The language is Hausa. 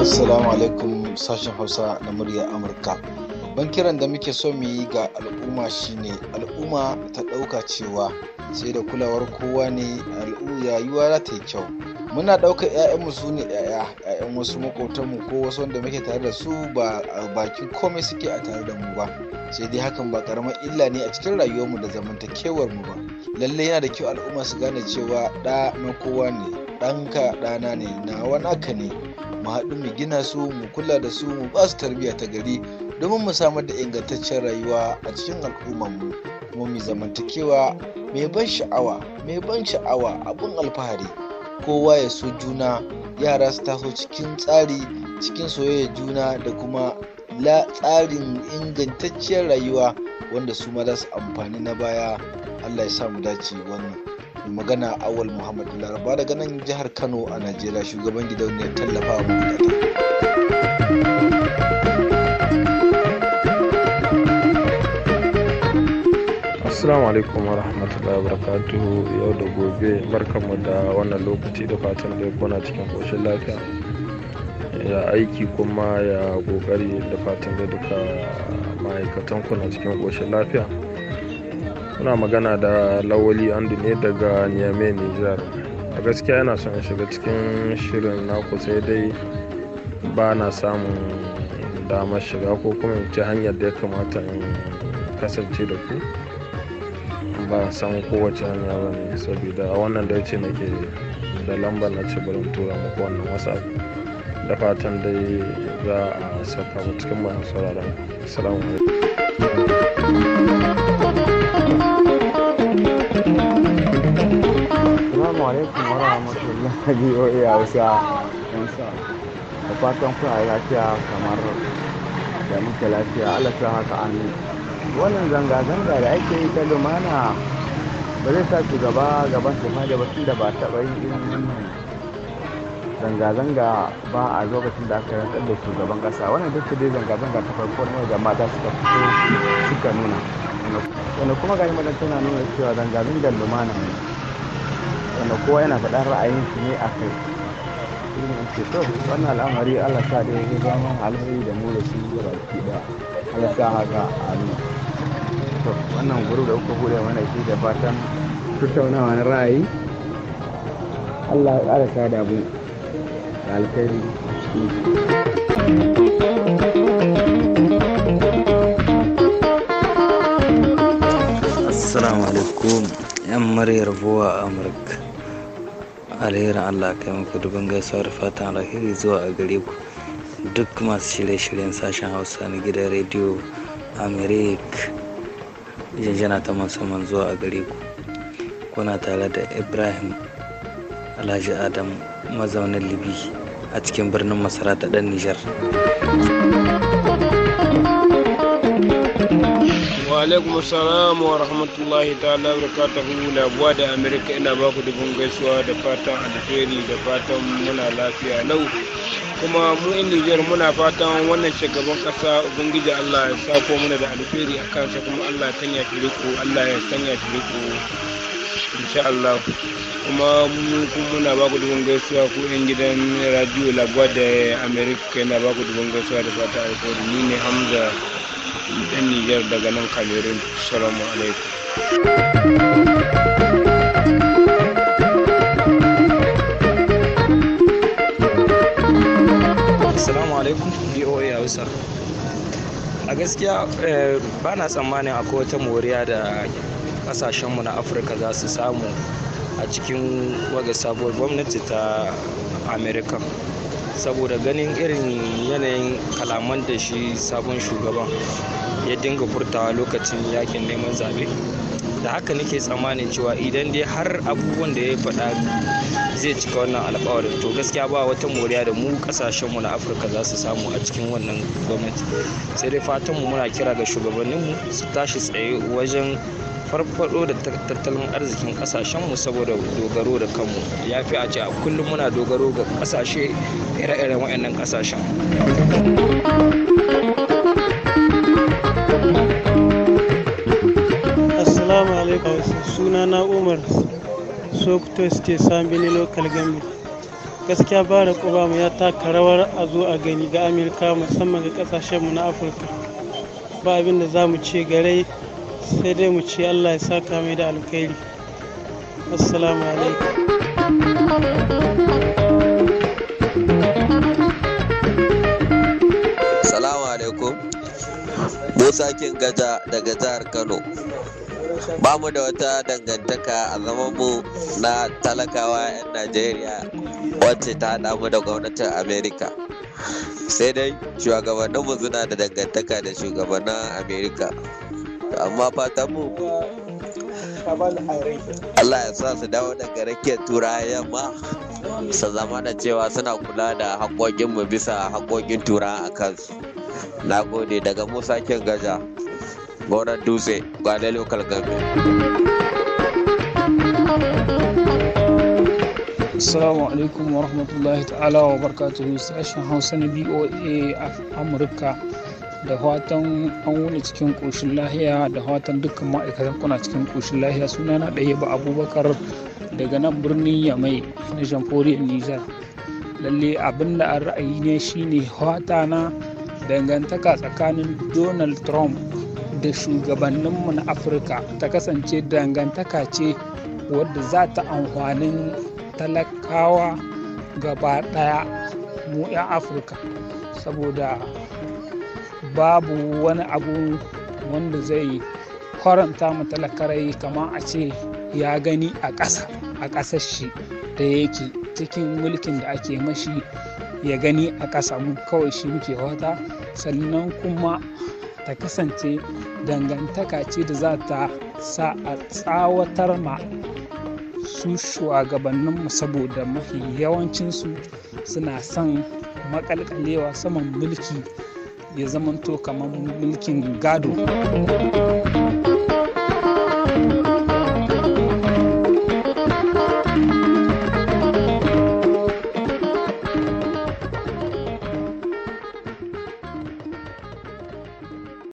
Assalamu alaikum sashen Hausa na murya Amurka. Babban kiran da muke so mu yi ga al'umma shine al'umma ta ɗauka cewa sai da kulawar kowa ne al'umma yayuwa za ta yi kyau. muna ɗaukar 'ya'yanmu su ne 'ya'ya 'ya'yan wasu makotanmu ko wasu wanda muke tare da su ba bakin komai suke a tare da mu ba sai dai hakan ba karamar illa ne a cikin rayuwarmu da zamantakewar mu ba lallai yana da kyau al'umma su gane cewa ɗa na kowa ne ɗanka ɗana ne nawa naka ne mu haɗu mu gina su mu kula da su mu ba su tarbiyya ta gari domin mu samar da ingantaccen rayuwa a cikin al'ummarmu kuma mu zamantakewa mai ban sha'awa mai ban sha'awa abin alfahari kowa ya so juna yara su taso cikin tsari cikin soyayyar juna da kuma la tsarin ingantacciyar rayuwa wanda su ma za su amfani na baya allah ya sa mu dace wannan magana awal muhammadu laraba daga nan jihar kano a najeriya shugaban gidauniyar tallafa wa Assalamu alaikum wa rahmatullahi wa yau da gobe barkanmu da wannan lokaci da fatan da kuna cikin koshin lafiya ya aiki kuma ya kokari da fatan da duka ma'aikatan kuna cikin koshin lafiya kuna magana da lawali andu ne daga niamey nijar a gaskiya yana son shiga cikin shirin naku sai dai ba na samun damar shiga ko kuma in ci hanyar da ya kamata in kasance da ku ban san kowace hanya ba ne saboda a wannan dai ce nake da lamba na ce bari tura muku wannan whatsapp da fatan dai za a saka mu cikin masu sauraron assalamu Assalamu alaikum wa rahmatullahi wa barakatuh. Da fatan kuna lafiya kamar da muke lafiya. Allah ta haka amin. wannan zanga-zanga da ake yi ta lumana ba zai sa shugaba gaban su da batun da ba taɓa yin irin wannan zanga-zanga ba a lokacin da aka rantsar da shugaban ƙasa wannan duk da zanga-zanga ta farko ne da mata suka fito suka nuna wanda kuma gani madan tana nuna cewa zanga-zangar lumana ne wanda kowa yana faɗar ra'ayin su ne a kai to wannan al'amari Allah sa da ya zama alheri da mu da su da baki da Allah sa haka amin to wannan guru da kuka bude mana shi da fatan tattaunawa na ra'ayi Allah ya ƙara sa da mu da alkhairi Assalamu alaikum 'yan muryar buwa Amurka. alherin allah kai muku dubin gaisuwar fatan alheri zuwa a gare ku duk masu shirye-shiryen sashen hausa na gidan rediyo amerik jinjina ta musamman zuwa a gare ku kuna tare da ibrahim alhaji adam mazaunin libi a cikin birnin masarauta ɗan nijar alaikum salam wa rahmatullahi ta'ala barakatuhu labuwa da amerika ina baku dubin gaisuwa da fatan alheri da fatan muna lafiya lau kuma mu inda Nijar muna fatan wannan shugaban kasa ubangiji Allah ya ko muna da alheri a kansa kuma Allah ya sanya shi riko Allah ya sanya shi riko insha Allah kuma mu kuma muna ba ku dubin gaisuwa ku yan gidan radio labuwa da amerika ina ba ku dubin gaisuwa da fatan alheri ni ne Hamza yan nijar daga nan kamerun salamu alaikum salamu alaikum hausa a gaskiya eh, ba na tsammanin akwai wata moriya da kasashenmu na afirka za su samu a cikin waga sabuwar gwamnati ta amerika saboda ganin irin yanayin kalaman da shi sabon shugaban ya dinga furtawa lokacin yakin neman zabe da haka nake tsammanin cewa idan dai har abubuwan da ya faɗa zai cika wannan alkawarin to gaskiya ba wata moriya da mu ƙasashenmu na afirka za su samu a cikin wannan gwamnati sai dai fatanmu muna kira ga shugabanninmu su tashi tsaye wajen farfado da tattalin arzikin kasashenmu saboda dogaro da kanmu ya fi a ce a kullum muna dogaro ga kasashe ire-iren waɗannan kasashen assalamu alaikum suna na umar sokoto state sambini local government gaskiya bara mu ya taka rawar a zo a gani ga amurka musamman ga kasashenmu na afirka ba abin da za mu ce gare sai dai mu ce allah ya saka mai da alkhairi assalamu alaikum salamu alaikum musa gaja daga jihar kano ba mu da wata dangantaka a zaman mu na talakawa 'yan najeriya wacce ta haɗa mu da gwamnatin amerika sai dai shugabanninmu suna da dangantaka da shugabannin amerika amma fatan mu Allah ya sa su dawo daga rakiyar turawa yamma su zama da cewa suna kula da haƙoƙinmu bisa haƙoƙin turawa a kansu na gode daga musa kin gaja dutse gwane lokal gami Assalamu alaikum wa rahmatullahi ta'ala wa barakatuhu sashen Hausa na BOA a Amurka da fatan an wuni cikin ƙoshin lahiya da fatan dukkan ma'aikatan kuna cikin ƙoshin lahiya suna na ɗaya ba abubakar daga nan birnin yamai na jamhuriyar nijar lalle abin da an ra'ayi ne shine fata na dangantaka tsakanin donald trump da shugabanninmu na afirka ta kasance dangantaka ce wadda za ta amfanin talakawa gaba ɗaya mu 'yan afirka saboda babu wani abu wanda zai faranta mu talakarai kamar a ce ya gani a ƙasa a ƙasar shi da yake cikin mulkin da ake mashi ya gani a ƙasa mu kawai shi muke wata sannan kuma ta kasance dangantaka ce da za ta sa a tsawatar ma su shugabanninmu saboda mafi yawancinsu suna son makalkalewa saman mulki ya zamanto kamar mulkin gado